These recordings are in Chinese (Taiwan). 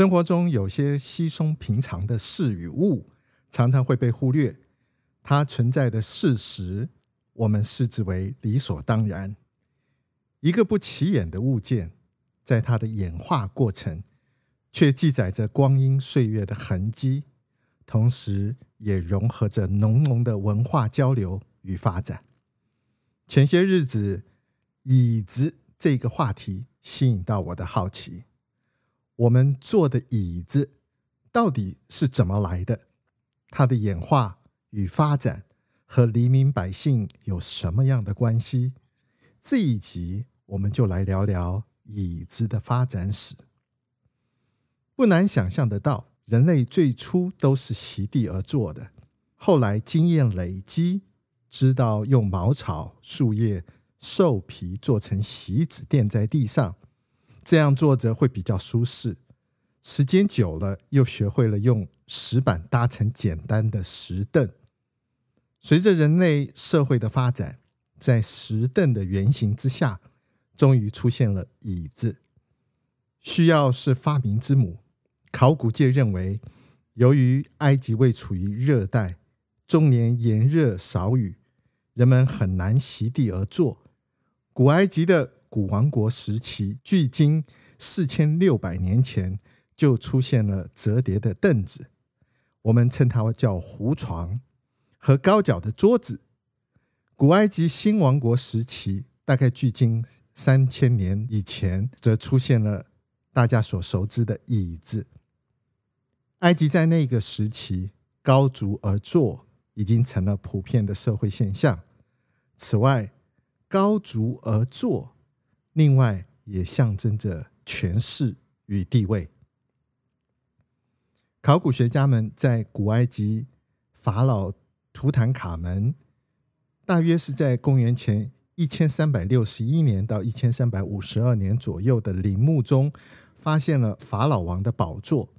生活中有些稀鬆平常的事與物，常常會被忽略。它存在的事實，我們視之為理所當然。一個不起眼的物件，在它的演化過程，卻記載着光陰歲月的痕跡，同時也融合着濃濃的文化交流與發展。前些日子，椅子這個話題吸引到我的好奇。我們坐的椅子到底是怎麼來的？它的演化與發展和黎民百姓有什麼樣的關係？這一集我們就來聊聊椅子的發展史。不難想象得到，人類最初都是席地而坐的，後來經驗累積，知道用茅草、樹葉、獸皮做成席子墊在地上。這樣坐着會比較舒適，時間久了又學會了用石板搭成簡單的石凳。隨着人類社會的發展，在石凳的原型之下，終於出現了椅子。需要是發明之母。考古界認為，由於埃及位處於熱帶，終年炎熱少雨，人們很難席地而坐。古埃及的。古王國時期，距今四千六百年前就出現了折疊的凳子，我們稱它叫胡床和高腳的桌子。古埃及新王國時期，大概距今三千年以前，則出現了大家所熟知的椅子。埃及在那個時期，高足而坐已經成了普遍的社會現象。此外，高足而坐。另外，也象徵着權勢與地位。考古學家們在古埃及法老圖坦卡門，大約是在公元前一千三百六十一年到一千三百五十二年左右的陵墓中，發現了法老王的寶座。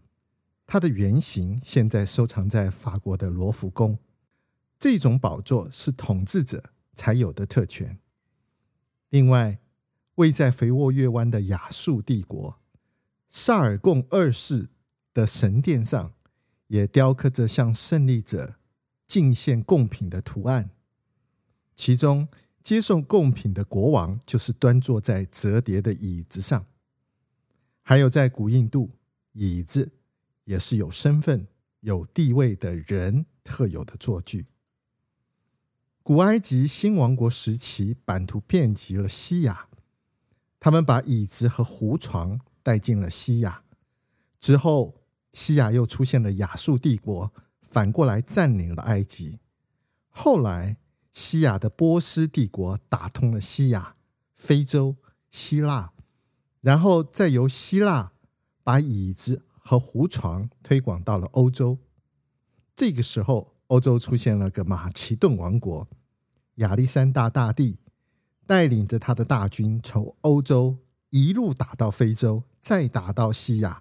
它的原型現在收藏在法國的羅浮宮。這種寶座是統治者才有的特權。另外，位在肥沃月灣的亞述帝國，薩爾貢二世的神殿上也雕刻着向勝利者敬獻貢品的圖案，其中接受貢品的國王就是端坐在折疊的椅子上。還有在古印度，椅子也是有身份、有地位的人特有的坐具。古埃及新王國時期，版圖遍及了西亞。他們把椅子和胡床帶進了西亞，之後西亞又出現了亞述帝國，反過來佔領了埃及。後來西亞的波斯帝國打通了西亞、非洲、希臘，然後再由希臘把椅子和胡床推廣到了歐洲。這個時候，歐洲出現了個馬其頓王國，亞歷山大大帝。帶領着他的大軍從歐洲一路打到非洲，再打到西亞，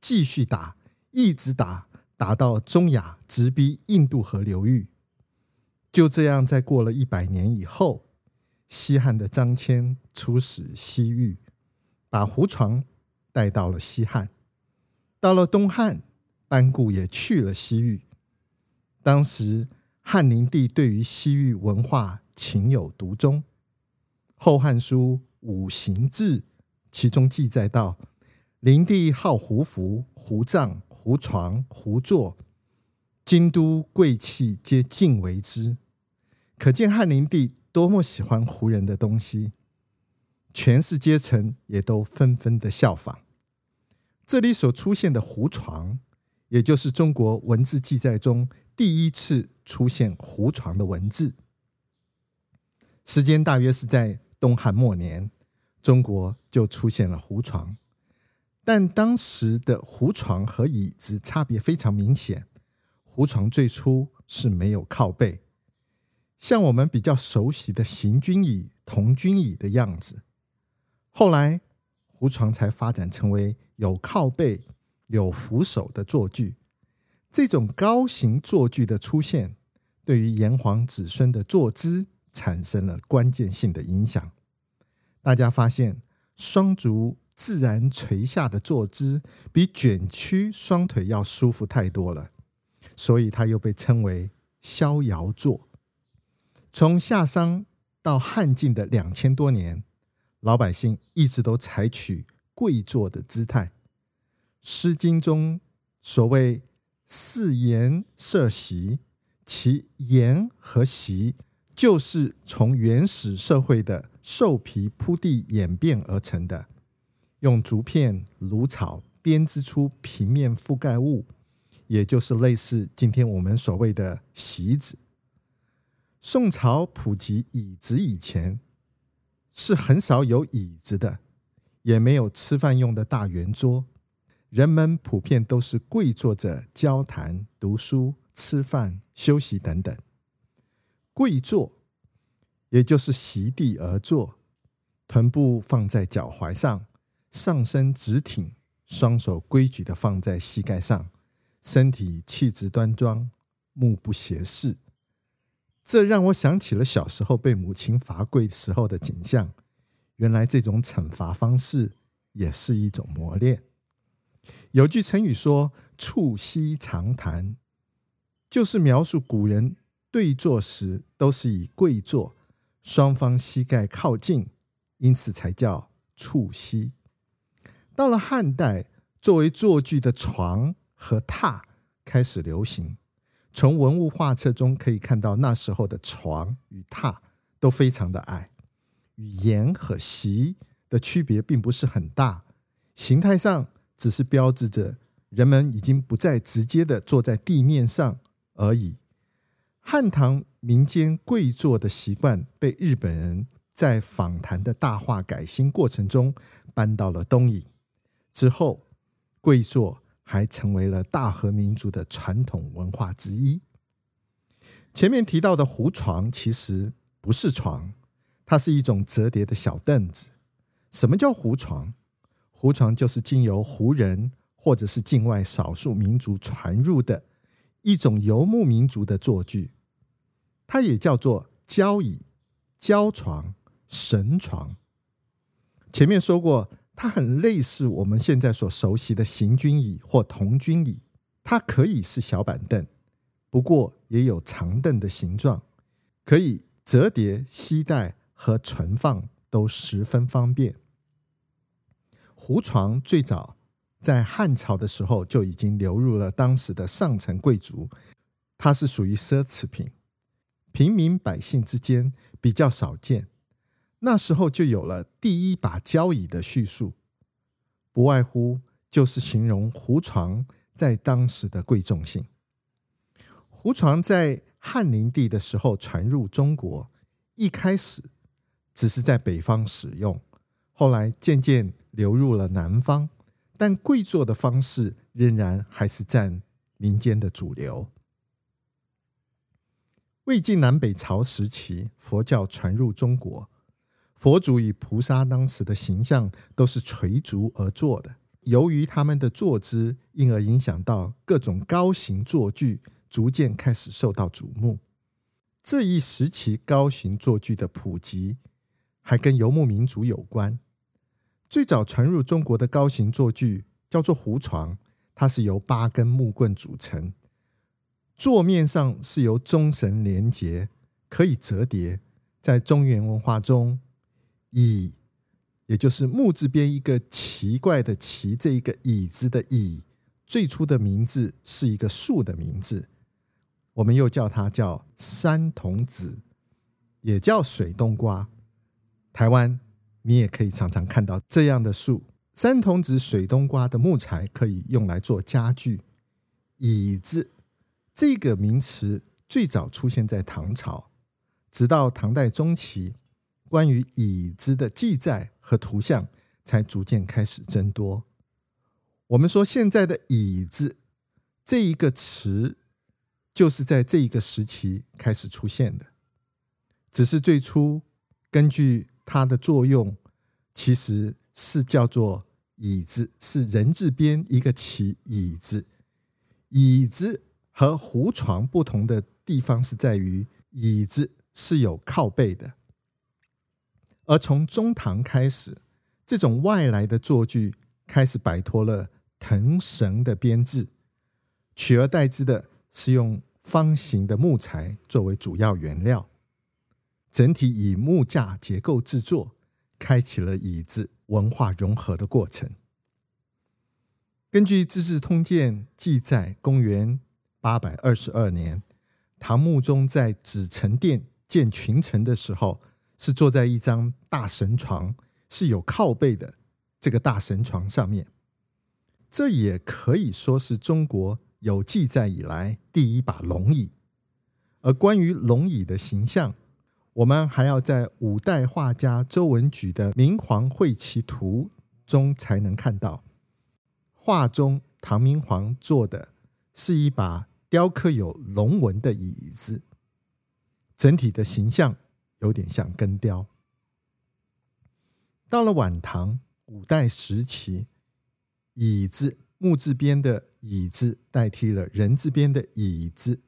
繼續打，一直打，打到中亞，直逼印度河流域。就這樣，在過了一百年以後，西漢的張騫出使西域，把胡床帶到了西漢。到了東漢，班固也去了西域。當時漢靈帝對於西域文化情有獨鍾。《後漢書·五行志》其中記載道：“靈帝好胡服、胡帳、胡床、胡坐，京都貴戚皆盡為之。”可見漢靈帝多麼喜歡胡人的東西，權勢階層也都紛紛的效仿。這裡所出現的“胡床”，也就是中國文字記載中第一次出現“胡床”的文字，時間大約是在。東漢末年，中國就出現了胡床，但當時的胡床和椅子差別非常明顯。胡床最初是沒有靠背，像我們比較熟悉的行軍椅、童軍椅的樣子。後來，胡床才發展成為有靠背、有扶手的坐具。這種高型坐具的出現，對於炎黃子孫的坐姿。產生了關鍵性的影響。大家發現，雙足自然垂下的坐姿比卷曲雙腿要舒服太多了，所以它又被稱為“逍遙坐”。從夏商到漢晉的兩千多年，老百姓一直都採取跪坐的姿態。《詩經》中所謂“肆筵設席”，其筵何席？就是從原始社會的獸皮鋪地演變而成的，用竹片、蘆草編織出平面覆蓋物，也就是類似今天我們所謂的席子。宋朝普及椅子以前，是很少有椅子的，也沒有吃飯用的大圓桌，人們普遍都是跪坐着交談、讀書、吃飯、休息等等。跪坐，也就是席地而坐，臀部放在腳踝上，上身直挺，雙手規矩的放在膝蓋上，身體氣質端莊，目不斜視。這讓我想起了小時候被母親罰跪時候的景象。原來這種懲罰方式也是一種磨練。有句成語說“促膝長談”，就是描述古人。對坐時都是以跪坐，雙方膝蓋靠近，因此才叫促膝。到了漢代，作為坐具的床和榻開始流行。從文物畫冊中可以看到，那時候的床與榻都非常的矮，與筵和席的區別並不是很大，形態上只是標誌着人們已經不再直接的坐在地面上而已。漢唐民間跪坐的習慣被日本人在訪談的大化改新過程中搬到了東瀛，之後跪坐還成為了大和民族的傳統文化之一。前面提到的胡床其實不是床，它是一種折疊的小凳子。什麼叫胡床？胡床就是經由胡人或者是境外少數民族傳入的一種游牧民族的坐具。它也叫做交椅、交床、繩床。前面說過，它很類似我們現在所熟悉的行軍椅或童軍椅，它可以是小板凳，不過也有長凳的形狀，可以折疊、攜帶和存放都十分方便。胡床最早在漢朝的時候就已經流入了當時的上層貴族，它是屬於奢侈品。平民百姓之間比較少見，那時候就有了第一把交椅的敘述，不外乎就是形容胡床在當時的貴重性。胡床在漢靈帝的時候傳入中國，一開始只是在北方使用，後來漸漸流入了南方，但跪坐的方式仍然還是占民間的主流。魏晉南北朝時期，佛教傳入中國，佛祖與菩薩當時的形象都是垂足而坐的。由於他們的坐姿，因而影響到各種高型坐具逐漸開始受到矚目。這一時期高型坐具的普及，還跟游牧民族有關。最早傳入中國的高型坐具叫做胡床，它是由八根木棍組成。座面上是由中繩連接，可以折疊。在中原文化中，椅也就是木字邊一個奇怪的“奇”，這一個椅子的“椅”，最初的名字是一個樹的名字。我們又叫它叫山桐子，也叫水冬瓜。台灣你也可以常常看到這樣的樹——山桐子、水冬瓜的木材可以用來做家具、椅子。這個名詞最早出現在唐朝，直到唐代中期，關於椅子的記載和圖像才逐漸開始增多。我們說現在的“椅子”這一個詞，就是在這一個時期開始出現的。只是最初根據它的作用，其實是叫做“倚子”，是人字邊一個“奇”，倚子，倚子。和胡床不同的地方是在於椅子是有靠背的，而從中唐開始，這種外來的坐具開始擺脫了藤繩的編制，取而代之的是用方形的木材作為主要原料，整體以木架結構製作，開啟了椅子文化融合的過程。根據《資治通鑑》記載，公元八百二十二年，唐穆宗在紫宸殿見群臣的時候，是坐在一張大繩床，是有靠背的這個大繩床上面。這也可以說是中國有記載以來第一把龍椅。而關於龍椅的形象，我們還要在五代畫家周文矩的《明皇會棋圖》中才能看到。畫中唐明皇坐的是一把。雕刻有龍紋的椅子，整體的形象有點像根雕。到了晚唐五代時期，椅子木字邊的椅子代替了人字邊的椅子，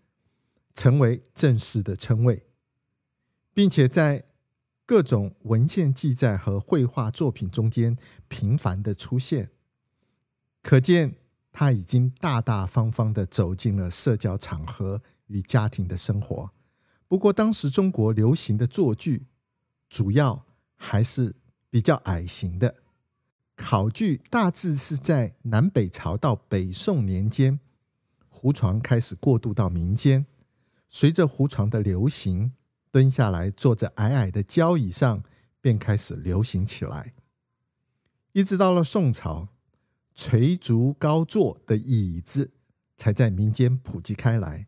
成為正式的稱謂，並且在各種文獻記載和繪畫作品中間頻繁的出現，可見。他已經大大方方的走進了社交場合與家庭的生活。不過，當時中國流行的坐具主要還是比較矮型的。考據大致是在南北朝到北宋年間，胡床開始過渡到民間。隨着胡床的流行，蹲下來坐着矮矮的交椅上便開始流行起來，一直到了宋朝。垂足高坐的椅子才在民間普及開來，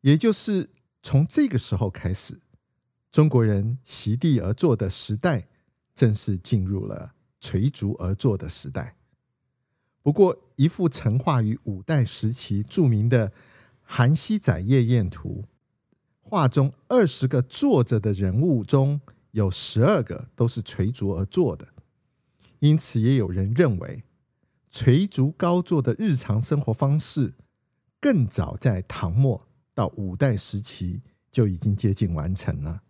也就是從這個時候開始，中國人席地而坐的時代正式進入了垂足而坐的時代。不過，一幅成畫於五代時期著名的《韓熙載夜宴圖》，畫中二十個坐着的人物中有十二個都是垂足而坐的，因此也有人認為。垂足高坐的日常生活方式，更早在唐末到五代時期就已經接近完成了。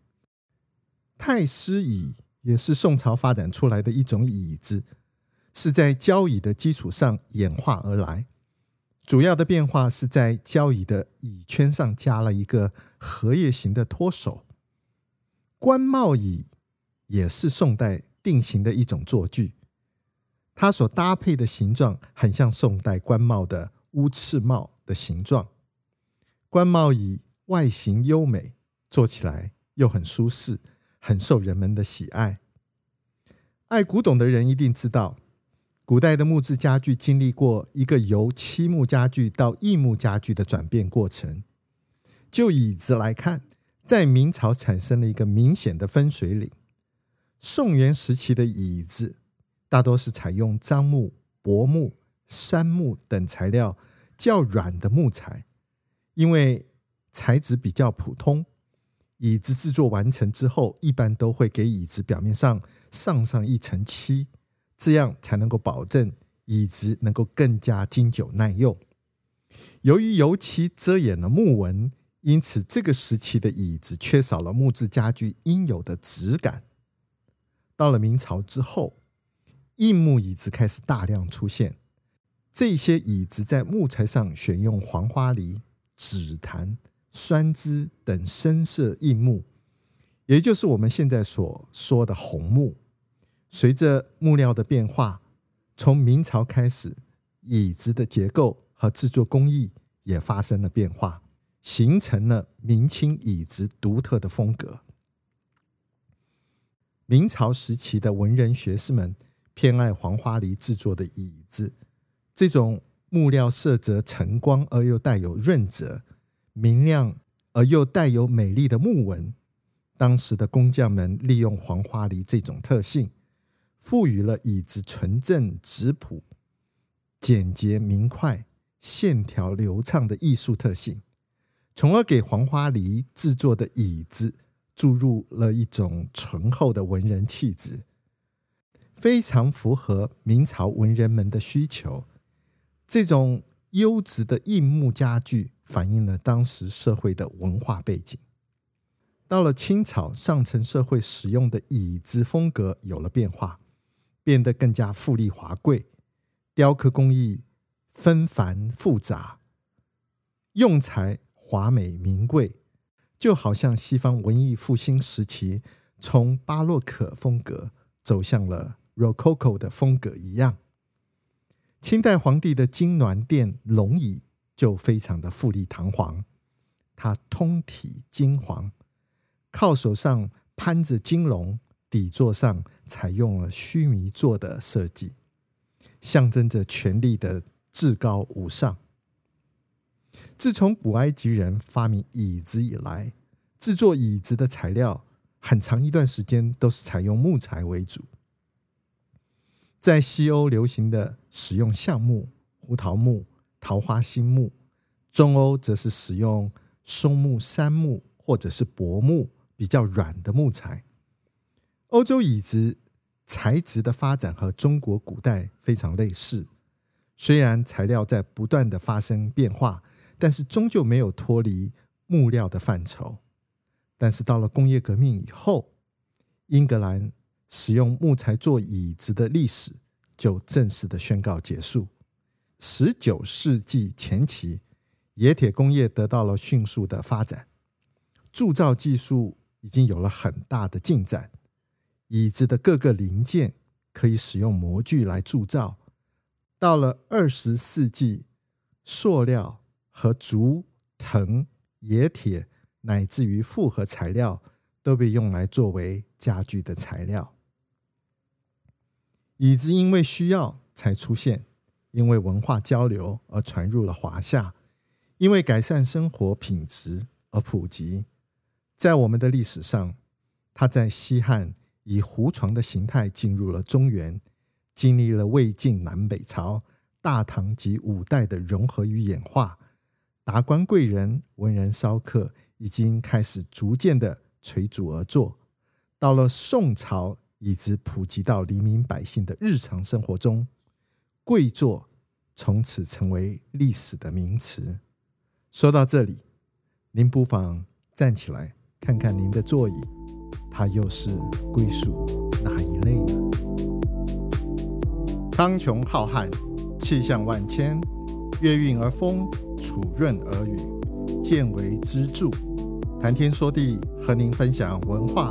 太師椅也是宋朝發展出來的一種椅子，是在交椅的基礎上演化而來，主要的變化是在交椅的椅圈上加了一個荷葉形的托手。官帽椅也是宋代定型的一種坐具。它所搭配的形狀很像宋代官帽的烏翅帽的形狀。官帽椅外形優美，坐起來又很舒適，很受人們的喜愛。愛古董的人一定知道，古代的木質家具經歷過一個由漆木家具到硬木家具的轉變過程。就椅子來看，在明朝產生了一個明顯的分水嶺，宋元時期的椅子。大多是採用樟木、柏木、杉木等材料較軟的木材，因為材質比較普通，椅子制作完成之後，一般都會給椅子表面上上上一層漆，這樣才能夠保證椅子能夠更加經久耐用。由於油漆遮掩了木紋，因此這個時期的椅子缺少了木質家具應有的質感。到了明朝之後。硬木椅子開始大量出現，這些椅子在木材上選用黃花梨、紫檀、酸枝等深色硬木，也就是我們現在所說的紅木。隨着木料的變化，從明朝開始，椅子的結構和製作工藝也發生了變化，形成了明清椅子獨特的風格。明朝時期的文人學士們。偏愛黃花梨製作的椅子，這種木料色澤晨光而又帶有潤澤，明亮而又帶有美麗的木紋。當時的工匠們利用黃花梨這種特性，賦予了椅子純正、質樸、簡潔、明快、線條流暢的藝術特性，從而給黃花梨製作的椅子注入了一種醇厚的文人氣質。非常符合明朝文人們的需求。這種優質的硬木家具反映了當時社會的文化背景。到了清朝，上層社會使用的椅子風格有了變化，變得更加富麗華貴，雕刻工藝紛繁複雜，用材華美名貴，就好像西方文藝復興時期從巴洛克風格走向了 Rococo 的風格一樣，清代皇帝的金鑾殿龍椅就非常的富麗堂皇，它通體金黃，靠手上攀着金龍，底座上採用了須彌座的設計，象徵着權力的至高無上。自從古埃及人發明椅子以來，製作椅子的材料很長一段時間都是採用木材為主。在西歐流行的使用橡木、胡桃木、桃花心木，中歐則是使用松木、山木、杉木，或者是柏木，比較軟的木材。歐洲椅子材質的發展和中國古代非常類似，雖然材料在不斷的發生變化，但是終究沒有脫離木料的範疇。但是到了工業革命以後，英格蘭，使用木材做椅子的歷史就正式的宣告結束。十九世紀前期，冶鐵工業得到了迅速的發展，鑄造技術已經有了很大的進展。椅子的各個零件可以使用模具來鑄造。到了二十世紀，塑料和竹、藤、冶鐵乃至於複合材料都被用來作為家具的材料。椅子因為需要才出現，因為文化交流而傳入了華夏，因為改善生活品質而普及。在我們的歷史上，它在西漢以胡床的形態進入了中原，經歷了魏晉南北朝、大唐及五代的融合與演化。達官貴人、文人騷客已經開始逐漸的垂足而坐，到了宋朝，一直普及到黎民百姓的日常生活中，跪坐從此成為歷史的名詞。說到這裡，您不妨站起來，看看您的座椅，它又是歸屬哪一類呢？蒼穹浩瀚，氣象萬千，月暈而風，礎潤而雨，見微知著，談天說地，和您分享文化，